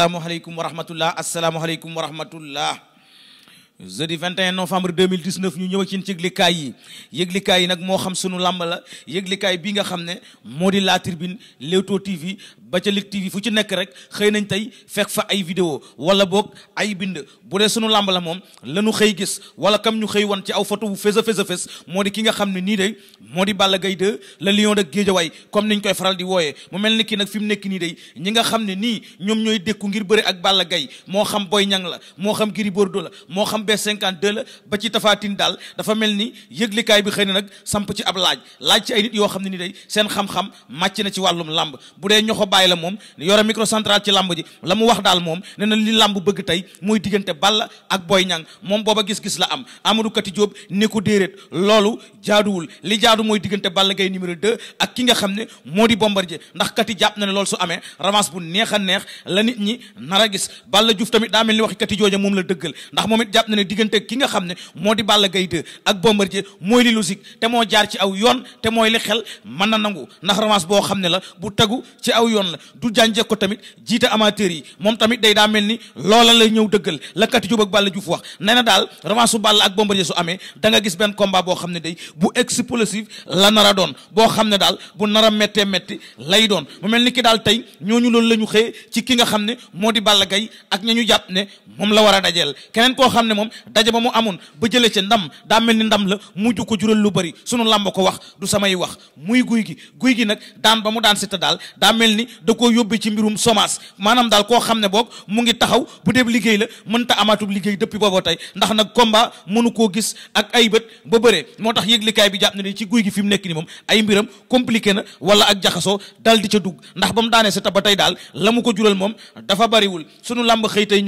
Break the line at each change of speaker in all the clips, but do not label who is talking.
asalaamualeykum wa rahmatullah asalaamualeykum wa rahmatullah jeudi 21 novembre 2019 ñu ñëw ak ci yëglikaay yi yëglikaay yi nag moo xam sunu làmb la yëglikaay bi nga xam ne moo di La Tribune Leewtoo TV ba ca Lutte TV fu ci nekk rek xëy nañ tey fekk fa ay vidéo wala boog ay bind bu dee sunu làmb la moom lañu xëy gis wala kam ñu xëy wan ci aw foto bu fés a fés moo di ki nga xam ne nii de moo di Balla Gaye 2 le lion de Guédiawaye comme niñ koy faral di wooyee mu mel ni ki nag fi mu nekk nii de ñi nga xam ne nii ñoom ñooy dékku ngir bëri ak Balla Gaye moo xam Boy la B52 la ba ci tafaatin daal dafa mel ni yëglikaay bi xëy na nag samp ci ab laaj laaj ci ay nit yoo xam ne ni day seen xam-xam màcc na ci wàllum làmb bu dee ñoxo bàyyi la moom yore microcentral ci làmb ji la mu wax daal moom ne na li làmb bëgg tey mooy diggante Balla ak Boy Niang moom booba gis-gis la am Amadou Kati Diop ne ko déeréet loolu jaaduwul li jaadu mooy diggante Balla Gaye numéro 2 ak ki nga xam ne moo di Bombardier ndax Kati jàpp na ne loolu su amee ramas bu neex neex la nit ñi nar a gis Balla Diouf tamit daa mel ni moom la dëggal ne diggante ki nga xam ne moo di Balla gay 2 ak Bombardier mooy li logique te moo jaar ci aw yoon te mooy li xel man na nangu ndax revanche boo xam ne la bu tegu ci aw yoon la du jànje ko tamit jiite amateur yi moom tamit day daa mel ni loola lay ñëw dëggal la Kati Diop ak Balla Diouf wax nee na daal revanche su Balla ak Bombardier su amee danga gis benn combat boo xam ne day bu explosif la nar a doon boo xam ne daal bu nara a méttee métti lay doon mu mel ni ki daal tey ñooñu loolu la ñu xëye ci ki nga xam ne moo di Balla Gaye ak ña ñu jàpp ne moom la war a dajeel moom daje ba mu amoon ba jëlee ca ndam daa mel ni ndam la mujj ko jural lu bëri sunu làmb ko wax du samay wax muy guy gi guy gi nag daan ba mu daan Siteu daal daa mel ni da koo yóbbee ci mbirum semence maanaam daal koo xam ne boog mu ngi taxaw bu dee liggéey la mënta amaatub liggéey depuis booba tey ndax nag combat mënu koo gis ak ay bët ba bëree moo tax yëglikaay bi jàpp na ne ci guy gi fi mu nekk ni moom ay mbiram compliqué na wala ak jaxasoo dal di ca dugg ndax ba mu daanee Siteu ba tey daal la ko jural moom dafa bariwul sunu làmb xëy tey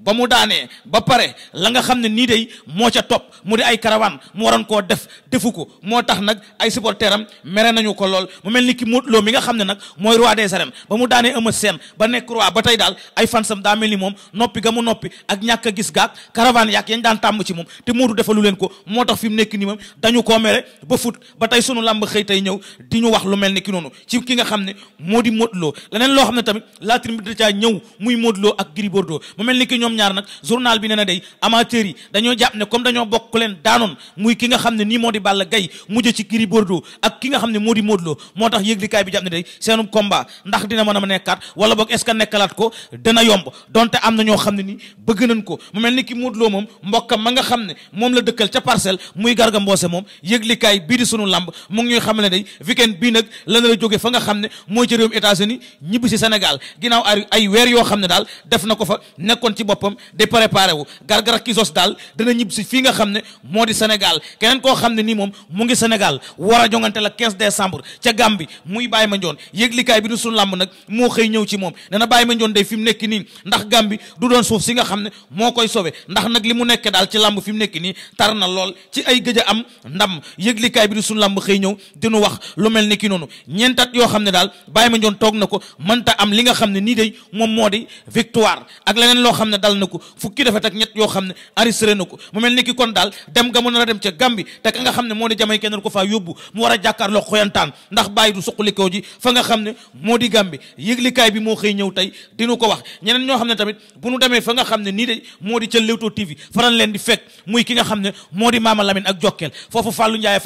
ba mu daanee ba pare la nga xam ne nii day moo ca topp mu di ay karawaan mu waroon koo def defu ko moo tax nag ay supporteram mere nañu ko lool mu mel ni ki Modou mi nga xam ne nag mooy roi des arènes ba mu daanee Eumeu Sène ba nekk roi ba tey daal ay fansam daa mel ni moom noppi ga mu noppi ak ñàkk gis gaag karawaan yaag yañ daan tàmm ci moom te Modou defalu leen ko moo tax fi mu nekk nii moom dañu koo mere ba fut ba tey sunu làmb xëy tey ñëw di ñu wax lu mel ni ki noonu ci ki nga xam ne moo di Modou Lo leneen loo xam ne tamit laatir bi da caa ñëw muy Modou ak Gris mu mel ni ki ñoom ñoom ñaar nag journal bi nee na day amateurs yi dañoo jàpp ne comme dañoo bokk leen daanoon muy ki nga xam ne nii moo di Balla Gaye mujj ci Gris Bordeaux ak ki nga xam ne moo di Modou Lo moo na ñoo xam ne nii bëgg nañ ko mu mel moom mbokkam ma nga xam ne moom la dëkkal ca parcelle muy Garga Mbossé moom yëglikaay bii di sunu lamb mu ngi ñuy xam ne day weekend bii nag la na la jóge fa nga xam ne mooy ca réewum États-Unis ñibbi si Sénégal ginnaaw ay weer yoo xam ne daal def na ko fa nekkoon ci bopp boppam di préparé wu Garga Kisos daal dina ñib si fii nga xam ne moo di Sénégal keneen koo xam ne nii moom mu ngi Sénégal war a jongante la 15 décembre ca Gambie muy Baye Mandione yëglikaay bi du suñu làmb nag moo xëy ñëw ci moom nee na Baye Mandione day fi mu nekk nii ndax Gambie du doon suuf si nga xam ne moo koy sauvé ndax nag li mu nekkee daal ci làmb fi mu nekk nii tar na lool ci ay gëj am ndam yëglikaay bi du suñu làmb xëy ñëw dinu wax lu mel ni ki noonu ñeentat yoo xam ne daal Baye Mandione toog na ko mënta am li nga xam ne nii day moom moo di victoire ak leneen loo xam ne daal saxal na ko fukki defet ak ñett yoo xam ne enregistré na ko mu mel ni ki kon daal dem ga mu nar a dem ca Gàmbi te ka nga xam ne moo di Jamaïque kenn ko faa yóbbu mu war a jàkkaarloo xoyantaan ndax bàyyi du suqalikoo ji fa nga xam ne moo di Gàmbi yëglikaay bi moo xëy ñëw tey dinu ko wax ñeneen ñoo xam ne tamit bu nu demee fa nga xam ne nii de moo di ca Leewtoo TV faral leen di fekk muy ki nga xam ne moo di Maama Lamine ak Jokkel foofu Fallou Ndiaye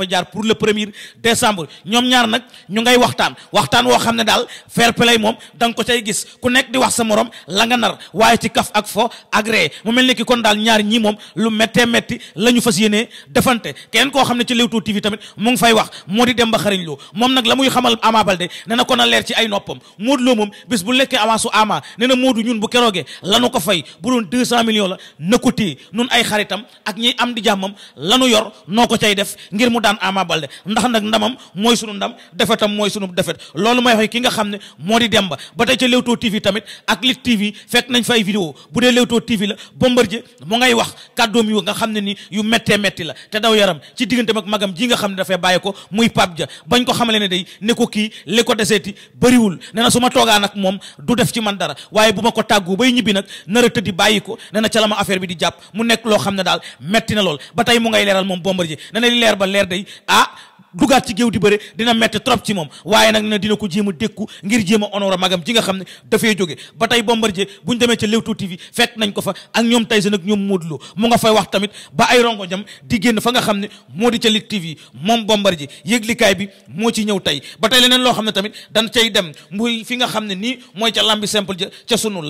da nga ko cay gis ku nekk di wax la nga nar waaye ci kaf agréé mu mel ni ki kon daal ñaar ñii moom lu méttee métti la fas yéenee defante kenn koo xam ne ci Leewtoo TV tamit mu fay wax moo di dem ba xariñ loo moom nag la muy xamal Ama Baldé ne kon a leer ci ay noppam Modou Lo moom bis bu lekkee avance su Ama ne na Modou ñun bu keroogee lanu ko fay bu doon deux cent millions la na ko nun ay xaritam ak ñiy am di jàmmam lanu yor noo ko cay def ngir mu daan Ama Baldé ndax nag ndamam mooy sunu ndam defetam mooy sunu defet loolu may wax ki nga xam ne moo di dem ba ba tey ca Leewtoo Leewtoo TV la Bombardier mu ngay wax kàddoom yu nga xam ne ni yu méttee métti la te daw yaram ci diggante ak magam ji nga xam ne dafay bàyyi ko muy Pape ja bañ ko xamale ne day ne ko kii li ko deseeti bariwul ne na su ma toogaan ak moom du def ci man dara waaye bu ma ko tàggu bay ñibbi nag nara a tëddi bàyyi ko ne na ca la ma affaire bi di jàpp mu nekk loo xam ne daal metti na lool ba tey mu ngay leeral moom Bombardier ne na li leer ba leer day ah dugaat ci géew di bëre dina metti trop ci moom waaye nag ne dina ko jéem a dékku ngir jéem a magam ji nga xam ne dafay jóge ba tey Bombardier bu ñu demee ca Leewtoo TV fekk nañ ko fa ak ñoom Tyson nag ñoom Modou Lo mu nga fay wax tamit ba ay rongo jam di génn fa nga xam ne moo di ca Lutte TV moom Bombardier yëglikaay bi moo ci ñëw tey ba tey leneen loo xam ne tamit dañ cay dem muy fi nga xam ne nii mooy ca lambi simple ja ca sunu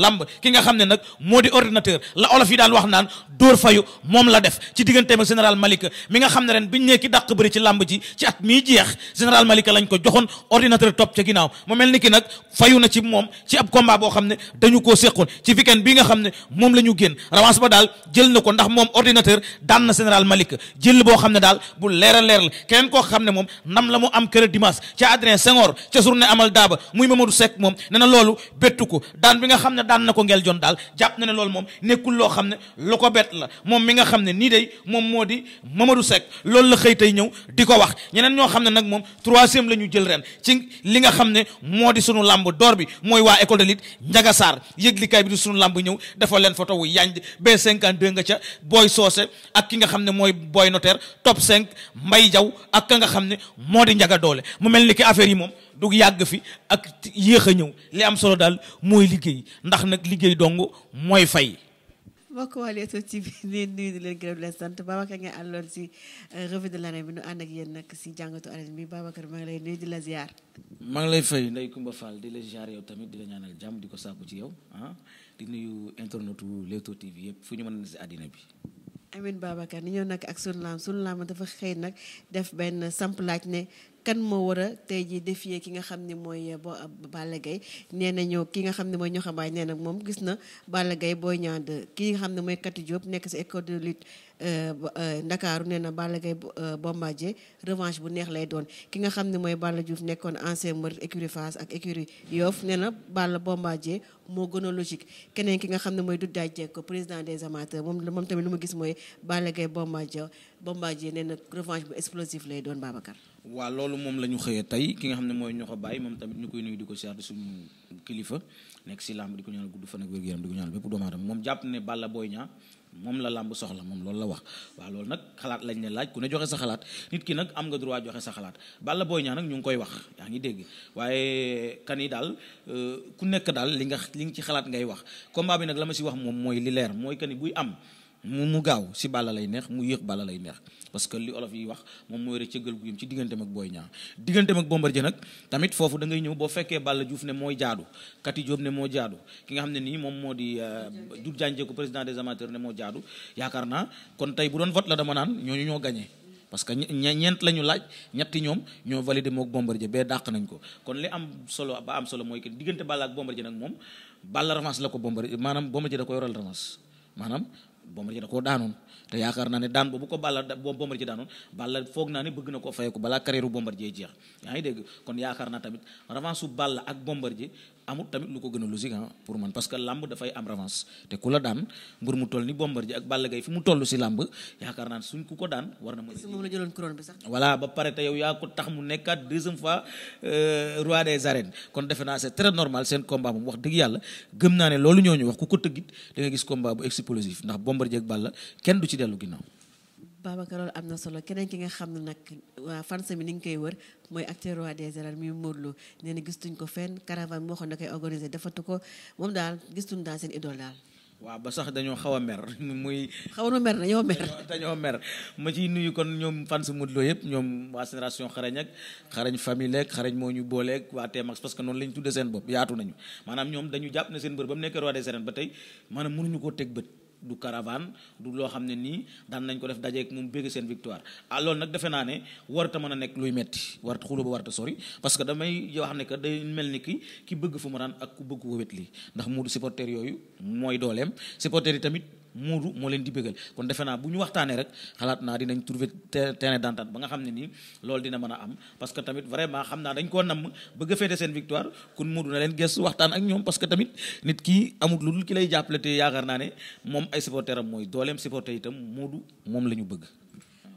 ki nga xam ne nag moo di ordinateur la olof yi daal wax naan dóor fayu moom la def ci digganteem ak général Malika mi nga xam ne ren biñ nekki dàq bëri ci lamb ji ci at mii jeex général Malika lañ ko joxoon ordinateur topp ca ginnaaw mu mel ni ki nag fayu na ci moom ci ab combat boo xam ne dañu ko séqoon ci weekend bi nga xam ne moom la ñu génn revanche ba jël na ko ndax moom ordinateur daan na général Malika jël boo xam ne bu leer leer la keneen koo xam ne moom nam la mu am kër dimanche ca Adrien Senghor ca journée amal daaba muy Mamadou Seck moom ne na loolu bettu ko daan bi nga xam ne daan na ko ngel jon daal jàpp na ne loolu moom nekkul loo xam ne lu ko bett la moom mi nga xam ne nii dey moom moo di Mamadou Seck loolu la xëy tey ñëw di ko wax ñeneen ñoo xam ne nag moom troisième la ñu jël ren ci li nga xam ne moo di sunu làmb door bi mooy waa école de Njaga saar yëglikaay bi di sunu làmb ñëw dafa leen photo wu yanj B52 nga ca Boy Soose ak ki nga xam ne mooy Boy Notaire top 5 Mbay Jaw ak ka nga xam ne moo di Njaga Doole mu mel ni ki affaire yi moom du yàgg fi ak yéex a ñëw li am solo daal mooy liggéey ndax nag liggéey dong mooy fay
mbokk waa Leewtoo TV leen nuyu di leen gërëm leen sant Babacar nga àlloon si euh, revue de bi nu ànd ak yéen nag si jàngatu arène bi Babacar maa ngi lay nuyu di la ziar.
maa lay fay Ndeye Koumba Fall di la ziar yow tamit di la ñaanal jàmm di ko sàkku ci yow ah di nuyu internetu Leewtoo TV yëpp fu ñu mën na si àddina bi.
Amin Babacar ni ñëw nag ak sunu laam sunu laam dafa xëy nag def benn samp laaj ne kan moo war a tey jii défier ki nga xam ne mooy eh, bo eh, Balla Gaye nee nañu ki nga xam ne mooy ñoxambaay nee na moom gis na Balla Gaye Boy Niang 2 ki nga xam ne mooy Kati Diop nekk si école de lutte eh, Ndakaaru nee na Balla Gaye Bombardier revanche bu neex lay doon ki nga xam ne mooy Balla Diouf nekkoon ancien mbër écurie Fass ak écurie Yoff nee na Balla moo gën logique keneen ki nga xam ne mooy du daajee ko président des amateurs moom moom tamit lu ma gis mooy Balla Gaye Bombardier Bombardier nee na revanche bu explosif lay doon Babacar
waa loolu moom la ñu xëyee tey ki nga xam ne mooy ñoo ko bàyyi moom tamit ñu koy nuyu di ko siyaar di suñu kilifa nekk si làmb di ko ñaanal gudd fan ak wér-gu-yaram di ko ne Balla Boy Niang moom la làmb soxla moom loolu la wax waaw loolu nag xalaat lañ ne laaj ku ne joxe sa xalaat nit ki nag am nga droit joxe sa xalaat Balla Boy Niang nag ñu ngi wax yaa ngi dégg waaye kan yi daal euh, ku nekk daal li nga li nga ci xalaat ngay wax combat bi nag la ma si wax moom mooy li leer mooy kan buy am mu mu gaaw si Balla lay neex mu yéex Balla lay neex parce que li olof yi wax moom mooy rek cëggal guyam ci digganteem ak Boy Niang digganteem ak Bombardier nag tamit foofu da ñëw boo fekkee Balla Diouf ne mooy jaadu Kati Diop moo jaadu ki nga xam ne nii moom moo di euh, Doudou Diagne Diécko président des amateurs ne moo jaadu yaakaar naa kon tey bu doon vote la dama naan ñooñu ñoo gagné. parce que ñeent la ñu laaj ñetti ñoom ñoo validé mook Bombardier bee dàq nañ ko kon li am solo ba am solo mooy que diggante Balla ak Bombardier nag moom Balla revanche la ko Bombardier maanaam Bombardier da ko yoral revanche maanaam Bombardier da koo daanoon te yaakaar naa ne daan boobu ko Balla Bombardier daanoon Balla foog naa ne bëgg na ko fayeku balaa carrière Bombardier jeex yaa ngi dégg kon yaakaar naa tamit revanche su Balla ak Bombardier amul tamit lu ko gën a logique pour man parce que làmb dafay am revanche te ku la daan mbur mu toll ni Bombardier ak Balla Gaye fi mu toll si làmb yaakaar naan suñ ku ko daan war na ma
moom la jëloon couronne bi sax
voilà ba yaa ko tax mu nekkaat deuxième fois euh, roi des arènes kon defe naa c'est très normal seen combat moom wax dëgg yàlla gëm naa ne loolu ñoo ñu wax ku ko tëggit da gis combat bu explosif ndax Bombardier ak Balla kenn du ci dellu ginnaaw
Babacar loolu am na solo keneen ki nga xam ne nag waa fans mi ni nga koy wër mooy acteur roi des arènes muy Modou Lo nee na gistuñ ko fenn caravane boo xam ne koy organisé defatu ko moom daal gistuñ daal seen idole daal.
waaw ba sax dañoo xaw a mer muy. xaw na mer dañoo mer dañoo mer ma ciy nuyu kon ñoom fans Modou Lo yëpp ñoom waa génération xarañ ak famille ak xarañ moo ñu booleeg waa TMAX parce que noonu la ñu seen bopp yaatu nañu maanaam koo teg bët. du caravane du loo xam ne nii daan nañ ko def dajeek moom bëgg seen victoire ah loolu nag defe naa ne warta mën a nekk luy metti warta xulo ba warta sori parce que damay yoo xam ne que day mel ni ki ki bëgg fu mu daan ak ku bëgg ko wét li ndax Modou supporter yooyu mooy dooleem supporter yi tamit Moodu moo leen di bëggal kon defe naa bu ñu waxtaanee rek xalaat naa dinañ trouver terrain d'entente ba nga xam ne nii lool dina mën a am parce que tamit vraiment xam naa dañ koo namm bëgg a féete seen leen gëstu waxtaan ak ñoom parce que tamit nit ki amul lu dul ki lay jàppale te yaakaar naa ne moom ay supporter am mooy dooleem supporter itam Moodu moom la ñu bëgg.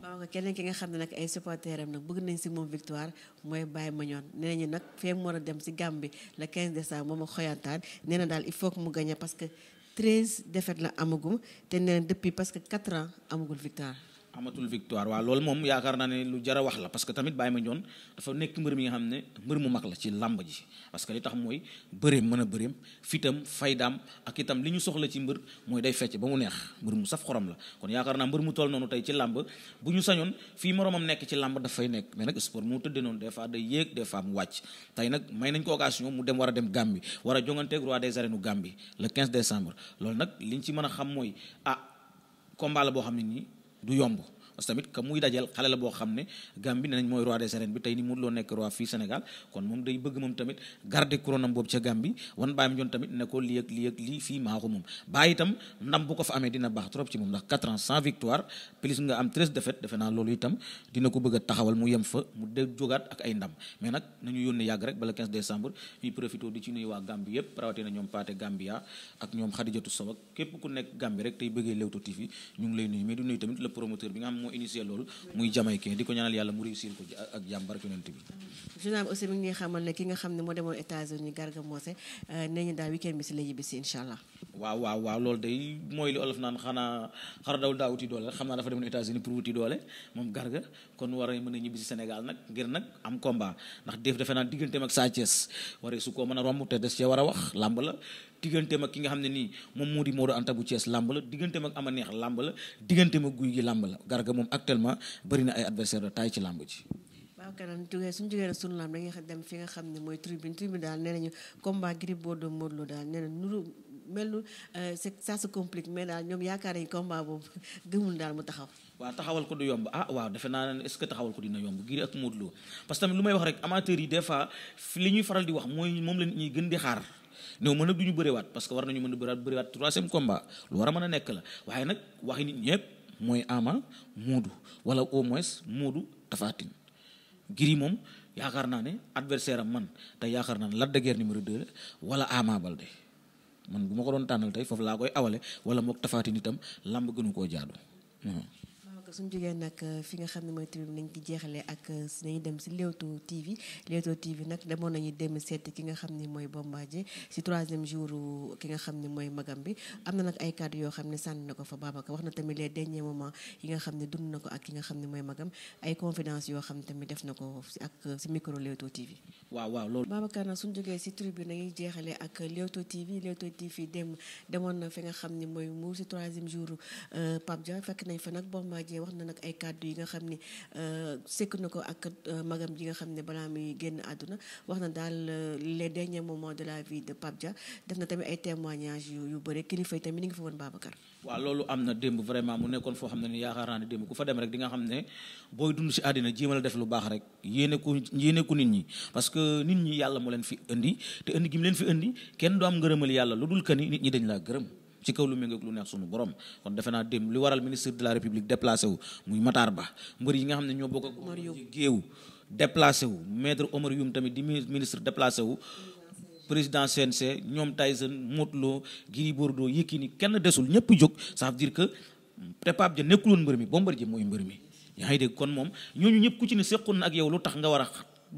waaw keneen ki nga xam ne nag ay supporters nag bëgg nañ si moom victoire mooy Baye Mañoon nee nañu nag fee mu war a dem si Gambie le 15 décembre moom ak xoyantaan nee na daal il faut que mu gagné parce que treize défaites la amagum te neen depuis parce que quatre ans amagul victoire
amatul victoire waaw loolu moom yaakaar naa ne lu jar a wax la parce que tamit Baye Mandione dafa nekk mbër mi xam ne mbër mu mag la ci làmb ji parce li tax mooy bëreem mën a bëreem fitam faydaam ak itam li ñu soxla ci mbër mooy day fecc ba mu neex mbër mu saf xorom la kon yaakaar naa mbër mu toll noonu tey ci làmb bu ñu sañoon fii moromam nekk ci làmb dafay nekk mais nag sport mu tëddee noonu des fois day yéeg des fois mu wàcc tey nag may nañ ko occasion a dem Gambie a jonganteeg ah, boo xam ne nii du yomb parce que tamit ka muy dajal xale la boo xam ne Gambie nee nañ mooy roi des arènes bi tey ni Modou Lo nekk roi fii Sénégal kon moom day bëgg moom tamit garder lii ak lii ak lii fii maa ko moom bàyyi itam ndam bu ko fa amee dina baax trop ci moom ndax 4 ans sans victoire plus nga am 13 défaites defe naa loolu itam dina ko bëgg taxawal mu yem fa mu de jógaat ak ay ndam mais nag nañu yónne yàgg rek bala 15 décembre ñuy di ci nuyu waa Gambie yépp moo initié loolu muy jamaïcain di ko ñaanal yàlla mu réussir ko ak jàmm barke yonent bi
journal bi aussi mi ngi xamal ne ki nga xam ne moo demoon États-Unis Garga Mbossé euh, nee ñu daal week-end bi si la ñibbisi incha
moom Garga kon war a mën a ñibbisi Sénégal nag ngir nag am combat ndax def defe naa digganteem ak Sa Thiès waree su koo mën a romb te des cee war a wax làmb la digganteem ak ki nga xam ne nii moom moo di Modou Anta bu Thiès làmb la digganteem ak ak guy gi moom actuellement bëri na ay adversaire de taille
mooy tribune tribune daal nee nañu combat Gris Bordeaux Modou Lô daal nee na euh, mu taxaw waaw
taxawal ko du yomb ah naa ne est-ce que taxawal ko dina yomb Gris yi des fois faral di wax mooy moom la ñuy gën di xaar néew mën nag du ñu bëriwaat parce que war nañu mën a bëriwaat bëriwaat troisième combat lu war a man a nekk la waaye nag waxi nit ñëpp mooy Ama Moodu wala au moins Moodu Tapha Tine Gris moom yaakaar naa ne adversaire am man te yaakaar naa ne Lac ni Guiers numéro 2 wala Ama Baldé man bu ma ko doon tànnal tey foofu laa koy awale wala mook Tapha Tine itam lamb gënu koo jaadu
donc suñu jógee nag euh, fi nga xam ne mooy euh, ki nga xam ne mooy Bombardier si troisième jour ki nga mooy magam bi am na nag ay kàddu yoo xam ne sànni na ko fa Babacar wax na tamit les derniers moments yi nga xam ne dund na ko ak xam ne mooy magam ay confidence yoo xam ne tamit def na ko si ak euh, si micro Leewtoo TV. waaw waaw loolu. si tribune nañuy jeexale ak Leewtoo TV Leewtoo TV dem demoon na si troisième fekk nañ fa nag Bombardier Dieng wax na nag ay kàddu yi nga xam ne euh, sekk na ko ak euh, magam ji nga xam ne balaa muy génn àdduna wax na daal euh, les derniers moments de la vie de Pape Dia def na tamit ay témoignages yu yu bëri kilifa yi tamit ni ngi fa woon Babacar.
waaw loolu am na démb vraiment mu nekkoon foo xam ne ni yaakaar naa ne démb ku fa dem rek di nga xam ne booy dund si àddina jéemal a def lu baax rek yéene ko yéene ko nit ñi parce que nit ñi yàlla moo leen fi indi te indi gi mu leen fi indi kenn du am ngërëmal yàlla lu dul kani nit ñi dañ laa gërëm. ci kaw lu méngoog lu neex sunu borom kon defe naa dem li waral ministre de la république déplacé wu muy Matar Ba mbër yi nga xam ne ñoo bokk ak géew déplacé wu maître Omar Youm tamit di ministre déplacé wu président CNC ñoom Tyson Modou Lo Gris Bordeaux Yékini kenn desul ñëpp jóg ça veut dire que te Pape ja nekkul woon mbër mi Bombardier ji mooy mbër mi yaa ngi dégg kon moom ñooñu ñëpp ku ci ne seqoon na ak yow lu tax nga war a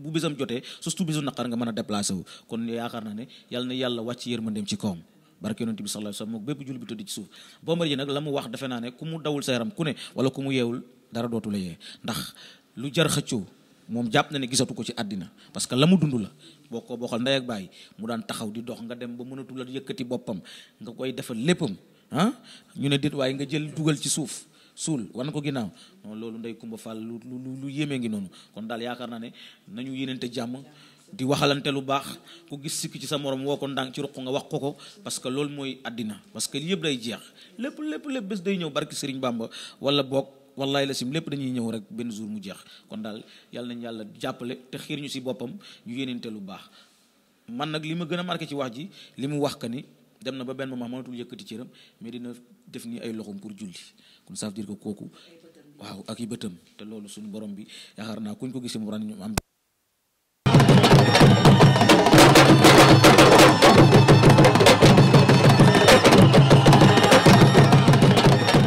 bu bisam jotee surtout bisu naqar nga mën a déplacé wu kon yaakaar naa ne yàlla na yàlla wàcc yërmandeem ci kawam barke yonent bi sallallahu alayhi wasallam mook bépp jullit bi tëdd ci suuf Bombardier nag la mu wax defe naa ne ku mu dawul sa yaram ku ne wala ku mu yeewul dara dootu la yee ndax lu jar xëccoo moom jàpp na ne gisatu ko ci àddina parce que la mu dund la boo ko bokkal ndey ak bàyyi mu daan taxaw di dox nga dem ba mënatu la yëkkati boppam nga koy defal léppam ah ñu ne déet waaye nga jël dugal ci suuf suul war na ko ginnaaw loolu ndey Kumba Fall lu lu lu yéeme ngi noonu kon daal yaakaar naa ne nañu yéeneente jàmm di waxalante lu baax ku gis sikki ci sa morom woo ko ndànk ci ruq nga wax ko ko parce que loolu mooy àddina parce que yëpp day jeex lépp lépp lépp bés day ñëw barki Serigne Bamba wala boog wallaay la sim lépp dañuy ñëw rek benn jour mu jeex kon daal yàlla nañ yàlla jàppale te xiir ñu si boppam ñu yéenente lu baax man nag li ma gën a marqué ci wax ji li mu wax ka ni dem na ba benn moment mënatul yëkkati cëram mais dina def nii ay loxoom pour julli kon ça veut kooku waaw ak yi bëtam te loolu suñu borom bi yaakaar naa kuñ ko gisee mu ran ñu am